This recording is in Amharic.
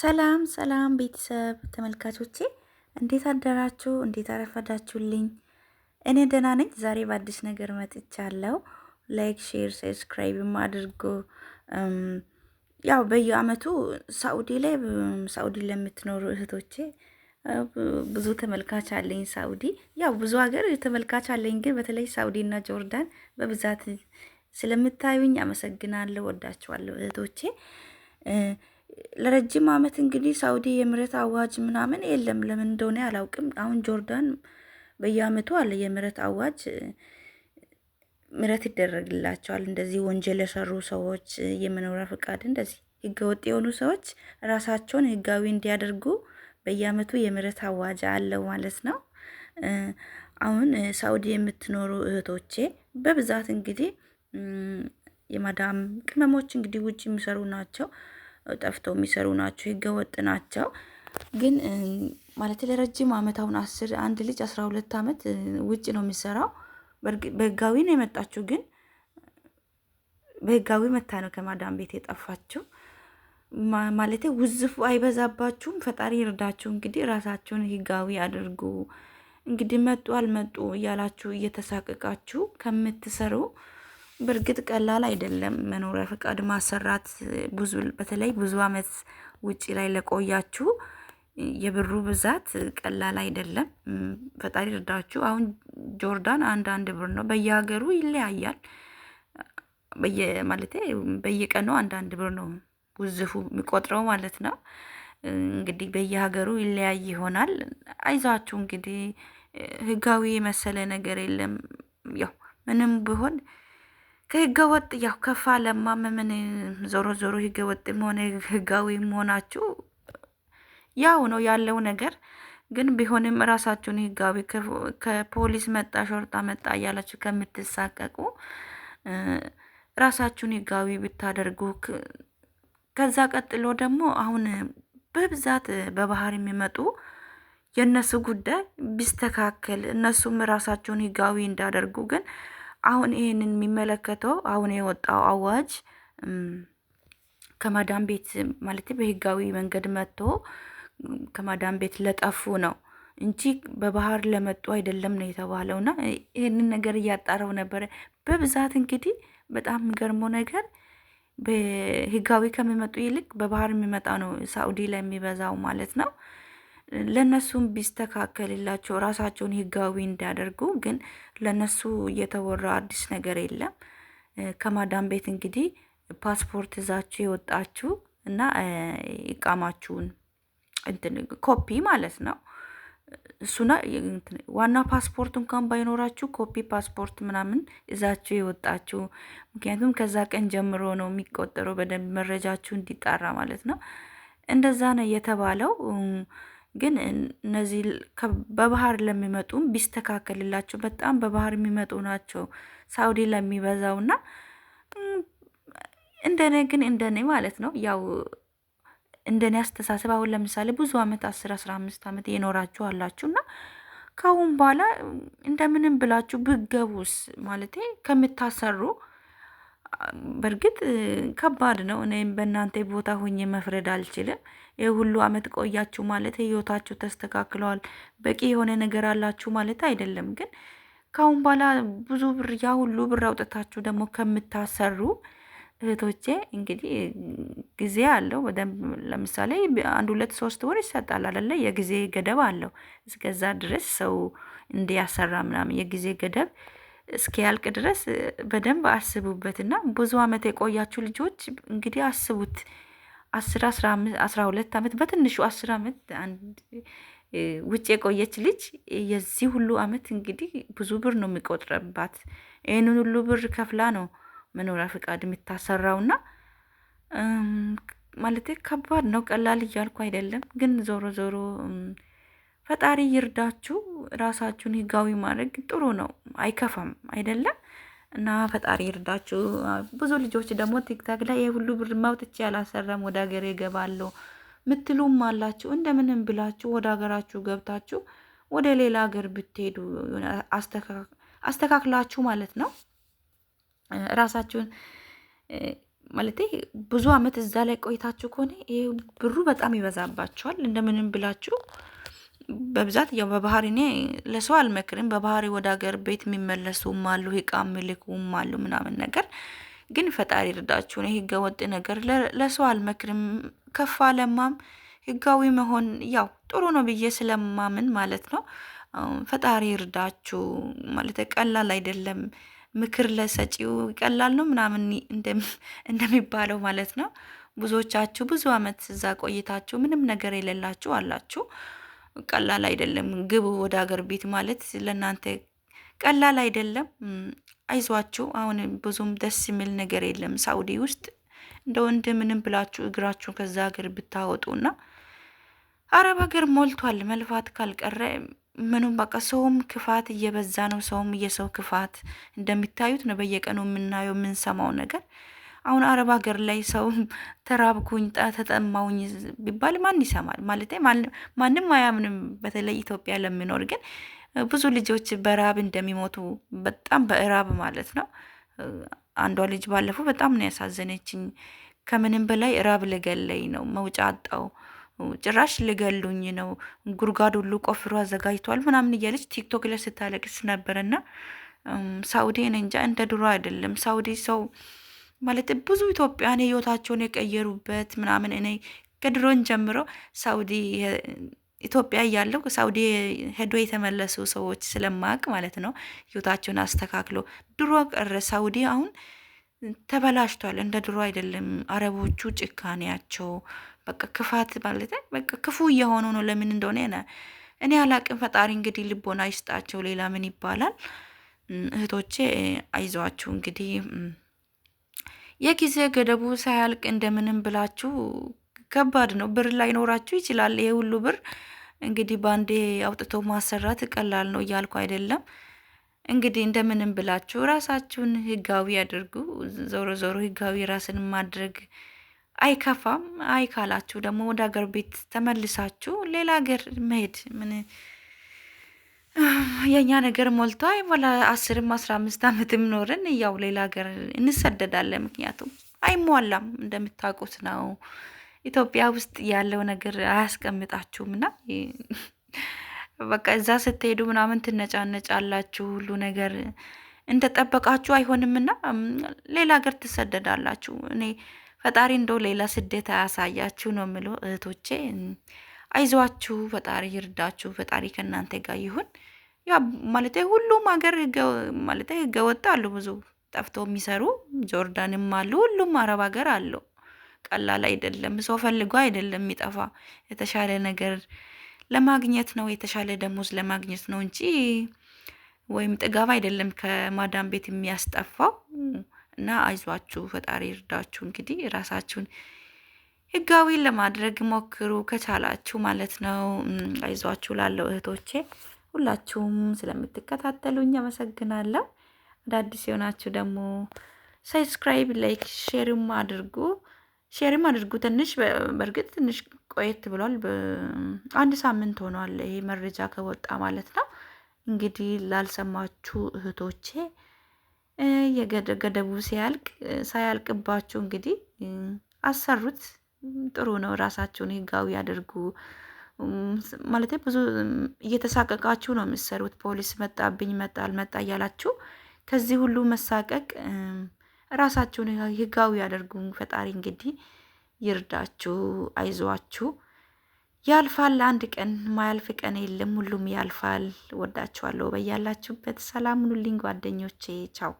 ሰላም ሰላም ቤተሰብ ተመልካቾቼ እንዴት አደራችሁ? እንዴት አረፈዳችሁልኝ? እኔ ደህና ነኝ። ዛሬ በአዲስ ነገር መጥቻለሁ። ላይክ፣ ሼር፣ ሰብስክራይብም አድርጎ ያው በየአመቱ ሳኡዲ ላይ ሳኡዲ ለምትኖሩ እህቶቼ ብዙ ተመልካች አለኝ። ሳኡዲ ያው ብዙ ሀገር ተመልካች አለኝ፣ ግን በተለይ ሳኡዲ እና ጆርዳን በብዛት ስለምታዩኝ አመሰግናለሁ። ወዳችኋለሁ እህቶቼ ለረጅም ዓመት እንግዲህ ሳውዲ የምህረት አዋጅ ምናምን የለም። ለምን እንደሆነ አላውቅም። አሁን ጆርዳን በየዓመቱ አለ የምህረት አዋጅ ምህረት ይደረግላቸዋል። እንደዚህ ወንጀል የሰሩ ሰዎች የመኖሪያ ፈቃድ እንደዚህ ህገወጥ የሆኑ ሰዎች ራሳቸውን ህጋዊ እንዲያደርጉ በየዓመቱ የምህረት አዋጅ አለው ማለት ነው። አሁን ሳውዲ የምትኖሩ እህቶቼ በብዛት እንግዲህ የማዳም ቅመሞች እንግዲህ ውጭ የሚሰሩ ናቸው። ጠፍቶ የሚሰሩ ናቸው፣ ህገወጥ ናቸው። ግን ማለት ለረጅም አመት አሁን አስር አንድ ልጅ አስራ ሁለት አመት ውጭ ነው የሚሰራው። በህጋዊ ነው የመጣችው፣ ግን በህጋዊ መታ ነው ከማዳም ቤት የጠፋችው። ማለት ውዝፉ አይበዛባችሁም። ፈጣሪ ይርዳችሁ። እንግዲህ ራሳችሁን ህጋዊ አድርጉ። እንግዲህ መጡ አልመጡ እያላችሁ እየተሳቀቃችሁ ከምትሰሩ በእርግጥ ቀላል አይደለም። መኖሪያ ፈቃድ ማሰራት ብዙ በተለይ ብዙ አመት ውጭ ላይ ለቆያችሁ የብሩ ብዛት ቀላል አይደለም። ፈጣሪ እርዳችሁ። አሁን ጆርዳን አንድ አንድ ብር ነው፣ በየሀገሩ ይለያያል። ማለት በየቀኑ አንድ አንድ ብር ነው ውዝፉ የሚቆጥረው ማለት ነው። እንግዲህ በየሀገሩ ይለያይ ይሆናል። አይዛችሁ እንግዲህ ህጋዊ የመሰለ ነገር የለም። ያው ምንም ቢሆን ከህገወጥ ያው ከፋ ለማ ዞሮ ዞሮ ህገወጥም ሆነ ህጋዊ መሆናችሁ ያው ነው ያለው ነገር። ግን ቢሆንም እራሳችሁን ህጋዊ ከፖሊስ መጣ ሾርጣ መጣ እያላችሁ ከምትሳቀቁ ራሳችሁን ህጋዊ ብታደርጉ። ከዛ ቀጥሎ ደግሞ አሁን በብዛት በባህር የሚመጡ የእነሱ ጉዳይ ቢስተካከል እነሱም ራሳቸውን ህጋዊ እንዳደርጉ ግን አሁን ይሄንን የሚመለከተው አሁን የወጣው አዋጅ ከማዳም ቤት ማለት በህጋዊ መንገድ መጥቶ ከማዳም ቤት ለጠፉ ነው እንጂ በባህር ለመጡ አይደለም ነው የተባለውና ይህንን ነገር እያጣረው ነበረ። በብዛት እንግዲህ በጣም የሚገርመው ነገር በህጋዊ ከሚመጡ ይልቅ በባህር የሚመጣ ነው ሳኡዲ ላይ የሚበዛው ማለት ነው። ለነሱም ቢስተካከልላቸው ራሳቸውን ህጋዊ እንዳያደርጉ ግን ለነሱ እየተወራ አዲስ ነገር የለም። ከማዳም ቤት እንግዲህ ፓስፖርት እዛችሁ የወጣችሁ እና እቃማችሁን እንትን ኮፒ ማለት ነው እሱና ዋና ፓስፖርት እንኳን ባይኖራችሁ ኮፒ ፓስፖርት ምናምን እዛችሁ የወጣችሁ። ምክንያቱም ከዛ ቀን ጀምሮ ነው የሚቆጠረው በደንብ መረጃችሁ እንዲጣራ ማለት ነው። እንደዛ ነው የተባለው። ግን እነዚህ በባህር ለሚመጡም ቢስተካከልላቸው በጣም በባህር የሚመጡ ናቸው ሳውዲ ለሚበዛው እና እንደኔ ግን እንደኔ ማለት ነው ያው እንደኔ አስተሳሰብ አሁን ለምሳሌ ብዙ አመት አስር አስራ አምስት አመት የኖራችሁ አላችሁ እና ከአሁን በኋላ እንደምንም ብላችሁ ብገቡስ ማለት ከምታሰሩ በእርግጥ ከባድ ነው። እኔም በእናንተ ቦታ ሆኜ መፍረድ አልችልም። ይህ ሁሉ አመት ቆያችሁ ማለት ህይወታችሁ ተስተካክለዋል፣ በቂ የሆነ ነገር አላችሁ ማለት አይደለም። ግን ከአሁን በኋላ ብዙ ብር ያ ሁሉ ብር አውጥታችሁ ደግሞ ከምታሰሩ እህቶቼ እንግዲህ ጊዜ አለው። በደንብ ለምሳሌ አንድ ሁለት ሶስት ወር ይሰጣል አለ የጊዜ ገደብ አለው። እስከዛ ድረስ ሰው እንዲያሰራ ምናምን የጊዜ ገደብ እስኪያልቅ ድረስ በደንብ አስቡበት ብዙ አመት የቆያችሁ ልጆች እንግዲህ አስቡት። አስር አስራ ሁለት አመት በትንሹ አስር አመት አንድ ውጭ የቆየች ልጅ የዚህ ሁሉ አመት እንግዲህ ብዙ ብር ነው የሚቆጥረባት። ይህንን ሁሉ ብር ከፍላ ነው መኖሪያ ፈቃድ የምታሰራውና ማለት ከባድ ነው። ቀላል እያልኩ አይደለም፣ ግን ዞሮ ዞሮ ፈጣሪ ይርዳችሁ። ራሳችሁን ህጋዊ ማድረግ ጥሩ ነው፣ አይከፋም አይደለም እና ፈጣሪ ይርዳችሁ። ብዙ ልጆች ደግሞ ቲክታክ ላይ የሁሉ ብር ማውጥቼ ያላሰራም ወደ ሀገር እገባለሁ ምትሉም አላችሁ። እንደምንም ብላችሁ ወደ ሀገራችሁ ገብታችሁ ወደ ሌላ ሀገር ብትሄዱ አስተካክላችሁ ማለት ነው ራሳችሁን ማለት ብዙ አመት እዛ ላይ ቆይታችሁ ከሆነ ይሄ ብሩ በጣም ይበዛባችኋል። እንደምንም ብላችሁ በብዛት ያው በባህሪ እኔ ለሰው አልመክርም። በባህሪ ወደ ሀገር ቤት የሚመለሱም አሉ፣ ሂቃ የሚልኩም አሉ ምናምን ነገር ግን ፈጣሪ ነው። የህገ ወጥ ነገር ለሰው አልመክርም። ከፋ ለማም ህጋዊ መሆን ያው ጥሩ ነው ብዬ ስለማምን ማለት ነው። ፈጣሪ እርዳችሁ ማለት ቀላል አይደለም። ምክር ለሰጪው ቀላል ነው ምናምን እንደሚባለው ማለት ነው። ብዙዎቻችሁ ብዙ አመት እዛ ቆይታችሁ ምንም ነገር የሌላችሁ አላችሁ። ቀላል አይደለም። ግቡ ወደ ሀገር ቤት ማለት ለእናንተ ቀላል አይደለም። አይዟችሁ። አሁን ብዙም ደስ የሚል ነገር የለም ሳውዲ ውስጥ እንደ ወንድ ምንም ብላችሁ እግራችሁን ከዛ ሀገር ብታወጡና አረብ ሀገር ሞልቷል። መልፋት ካልቀረ ምኑም በቃ ሰውም ክፋት እየበዛ ነው። ሰውም የሰው ክፋት እንደሚታዩት ነው። በየቀኑ የምናየው የምንሰማው ነገር አሁን አረብ ሀገር ላይ ሰው ተራብኩኝ ተጠማውኝ ቢባል ማን ይሰማል? ማለት ማንም አያምንም። በተለይ ኢትዮጵያ ለሚኖር ግን ብዙ ልጆች በራብ እንደሚሞቱ በጣም በእራብ ማለት ነው። አንዷ ልጅ ባለፉ በጣም ነው ያሳዘነችኝ። ከምንም በላይ ራብ ልገለኝ ነው መውጫ አጣው ጭራሽ ልገሉኝ ነው፣ ጉድጓድ ሁሉ ቆፍሮ አዘጋጅቷል ምናምን እያለች ቲክቶክ ላይ ስታለቅስ ነበርና ሳውዲን እንጃ እንደ ድሮ አይደለም ሳውዲ ሰው ማለት ብዙ ኢትዮጵያን ህይወታቸውን የቀየሩበት ምናምን እኔ ከድሮን ጀምሮ ሳውዲ ኢትዮጵያ እያለው ሳውዲ ሄዶ የተመለሱ ሰዎች ስለማቅ ማለት ነው። ህይወታቸውን አስተካክሎ ድሮ ቀረ ሳውዲ አሁን ተበላሽቷል። እንደ ድሮ አይደለም። አረቦቹ ጭካኔያቸው በቃ ክፋት ማለት በቃ ክፉ እየሆኑ ነው። ለምን እንደሆነ እኔ አላቅም። ፈጣሪ እንግዲህ ልቦና ይስጣቸው። ሌላ ምን ይባላል? እህቶቼ አይዟችሁ እንግዲህ የጊዜ ገደቡ ሳያልቅ እንደምንም ብላችሁ ከባድ ነው። ብር ላይኖራችሁ ይችላል። ይሄ ሁሉ ብር እንግዲህ በአንዴ አውጥቶ ማሰራት ቀላል ነው እያልኩ አይደለም። እንግዲህ እንደምንም ብላችሁ ራሳችሁን ህጋዊ አድርጉ። ዞሮ ዞሮ ህጋዊ ራስን ማድረግ አይከፋም። አይካላችሁ ደግሞ ወደ ሀገር ቤት ተመልሳችሁ ሌላ ሀገር መሄድ ምን የእኛ ነገር ሞልቶ ወላ አስርም አስራ አምስት አመት ኖርን ያው ሌላ ሀገር እንሰደዳለን። ምክንያቱም አይሟላም እንደምታውቁት ነው። ኢትዮጵያ ውስጥ ያለው ነገር አያስቀምጣችሁም እና በቃ እዛ ስትሄዱ ምናምን ትነጫነጫላችሁ። ሁሉ ነገር እንደጠበቃችሁ አይሆንምና ሌላ ሀገር ትሰደዳላችሁ። እኔ ፈጣሪ እንደው ሌላ ስደት አያሳያችሁ ነው የምለው እህቶቼ። አይዟችሁ፣ ፈጣሪ ይርዳችሁ፣ ፈጣሪ ከእናንተ ጋር ይሁን። ያ ማለት ሁሉም ሀገር ማለት ወጥ አሉ፣ ብዙ ጠፍቶ የሚሰሩ ጆርዳንም አሉ፣ ሁሉም አረብ ሀገር አሉ። ቀላል አይደለም። ሰው ፈልጎ አይደለም የሚጠፋ የተሻለ ነገር ለማግኘት ነው፣ የተሻለ ደሞዝ ለማግኘት ነው እንጂ ወይም ጥጋብ አይደለም ከማዳም ቤት የሚያስጠፋው። እና አይዟችሁ ፈጣሪ ይርዳችሁ። እንግዲህ ራሳችሁን ህጋዊ ለማድረግ ሞክሩ ከቻላችሁ ማለት ነው። አይዟችሁ ላለው እህቶቼ ሁላችሁም ስለምትከታተሉኝ አመሰግናለሁ። አዳዲስ የሆናችሁ ደግሞ ሰብስክራይብ፣ ላይክ፣ ሼርም አድርጉ ሼርም አድርጉ። ትንሽ በእርግጥ ትንሽ ቆየት ብሏል። አንድ ሳምንት ሆኗል ይሄ መረጃ ከወጣ ማለት ነው። እንግዲህ ላልሰማችሁ እህቶቼ የገደቡ ሲያልቅ ሳያልቅባችሁ እንግዲህ አሰሩት። ጥሩ ነው። ራሳችሁን ህጋዊ አድርጉ። ማለት ብዙ እየተሳቀቃችሁ ነው የምትሰሩት። ፖሊስ መጣብኝ መጣ አልመጣ እያላችሁ ከዚህ ሁሉ መሳቀቅ ራሳችሁን ህጋዊ ያደርጉ። ፈጣሪ እንግዲህ ይርዳችሁ፣ አይዟችሁ። ያልፋል አንድ ቀን፣ ማያልፍ ቀን የለም። ሁሉም ያልፋል። ወዳችኋለሁ። በያላችሁበት ሰላም ሁኑልኝ ጓደኞቼ። ቻው